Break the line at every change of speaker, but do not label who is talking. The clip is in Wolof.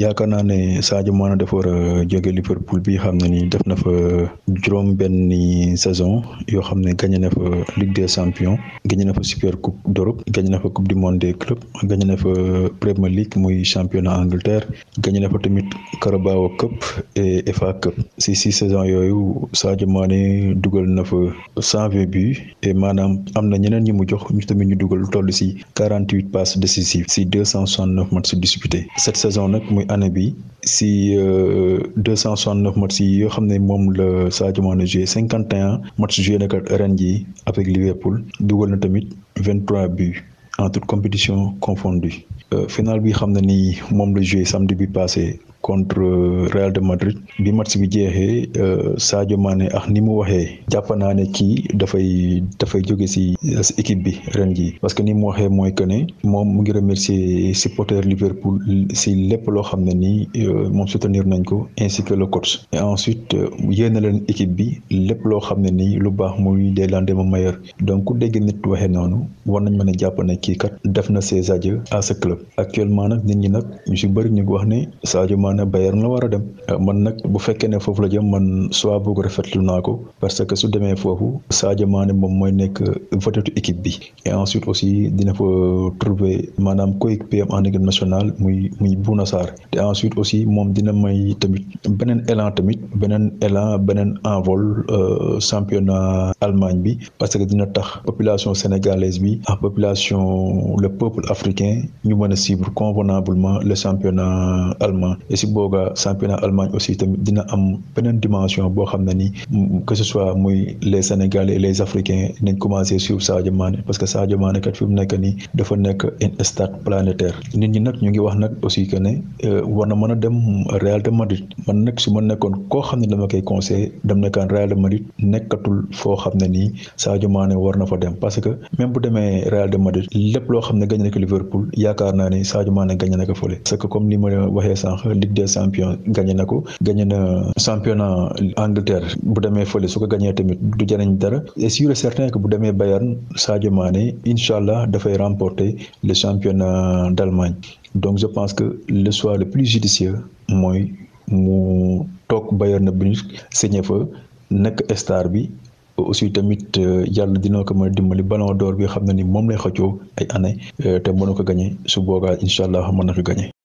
yaakaar naa ne Sadio Mané dafa war a jóge Liverpool bi xam ne ni def na fa juróom benn saison yoo xam ne gagné na fa Ligue des champions gagné na fa super coupe d'Europe gagné na fa coupe du monde de clubs gagné na fa Premier muy championnat Angleterre gagné na fa tamit Carabao Cup et FA Cup si si saison yooyu Sadio Mané dugal na fa cent vingt buts et maanaam am na ñeneen ñi mu jox ñu tamit ñu dugal toll si quarante huit passes décisives si deux cent soixante neuf cette saison nag muy année bi si euh, deux cent soixante neuf matchs yi yoo xam ne moom la Sadio Mané joué cinquante et un matchs joué na ko ren jii avec Liverpool dugal na tamit vingt trois buts en toute compétition confondue euh, final bi xam ne ni moom la joué samedi bi passé contre euh, Real de Madrid bi match bi jeexee euh, Sadio Mané ak ni mu waxee jàpp naa ne kii dafay dafay jóge si équipe bi ren jii parce que ni mu waxee mooy que ne moom mu ngi remercier supporter Liverpool si lépp loo xam ne nii euh, moom soutenir nañ ko ainsi que le coach ensuite yéene leen équipe bi lépp loo xam ne nii lu baax muy des lendemains meilleurs donc ku dégg nit waxee naanu war nañ mën a jàpp ne kii kat def na see adieux à actuellement nag nit ñi nag ñu si bëri ñu wax ne Sadio ne Bayern la war a dem euh, man nag bu fekkee ne foofu la jëm man Swabog rafetlu naa ko parce que su demee foofu Sadio Mané moom mooy nekk vedette équipe bi et ensuite aussi dina fa trouver maanaam coéquipier en équipe nationale muy muy Bouna Sarr te ensuite aussi moom dina may tamit beneen élan tamit beneen élan beneen envol euh, championnat Allemagne bi parce que dina tax population sénégalaise bi a population le peuple africain ñu mën convenablement le championnat allemand si booga championnat Allemagne aussi tamit dina am beneen dimension boo xam ne ni que ce soit muy les Sénégalais et les Africains nañ commencé suivre Sadio Mané parce que Sadio Mané kat fi mu nekk nii dafa nekk un stade planétaire nit ñi nag ñu ngi wax nag aussi que ne euh, war na mën a dem Real de Madrid man nag su ma nekkoon koo xam ne dama koy conseillé dem nekkaan Real de Madrid nekkatul foo xam ne nii Sadio Mané war na fa dem parce que même bu demee Real de Madrid lépp loo xam ne gañ na ko Liverpool yaakaar naa ne Sadio Mané comme ni ma waxee sànq des champions gagné na ko gagné na championnat Angleterre bu demee fële su ko gagné tamit du jëriñ dara et sûr et certain que bu demee Bayern Sadio Mané incha allah dafay remporter le championnat d'Allemagne donc je pense que le choix le plus judicieux mooy mu toog Bayern Munich signé fa nekk star bi aussi tamit euh, yàlla dina ko mën a dimbali ballon d'or bi xam na ni moom lay xëccoo ay année euh, te mënu ko gagné su boobaa incha allah mën na ko gagné.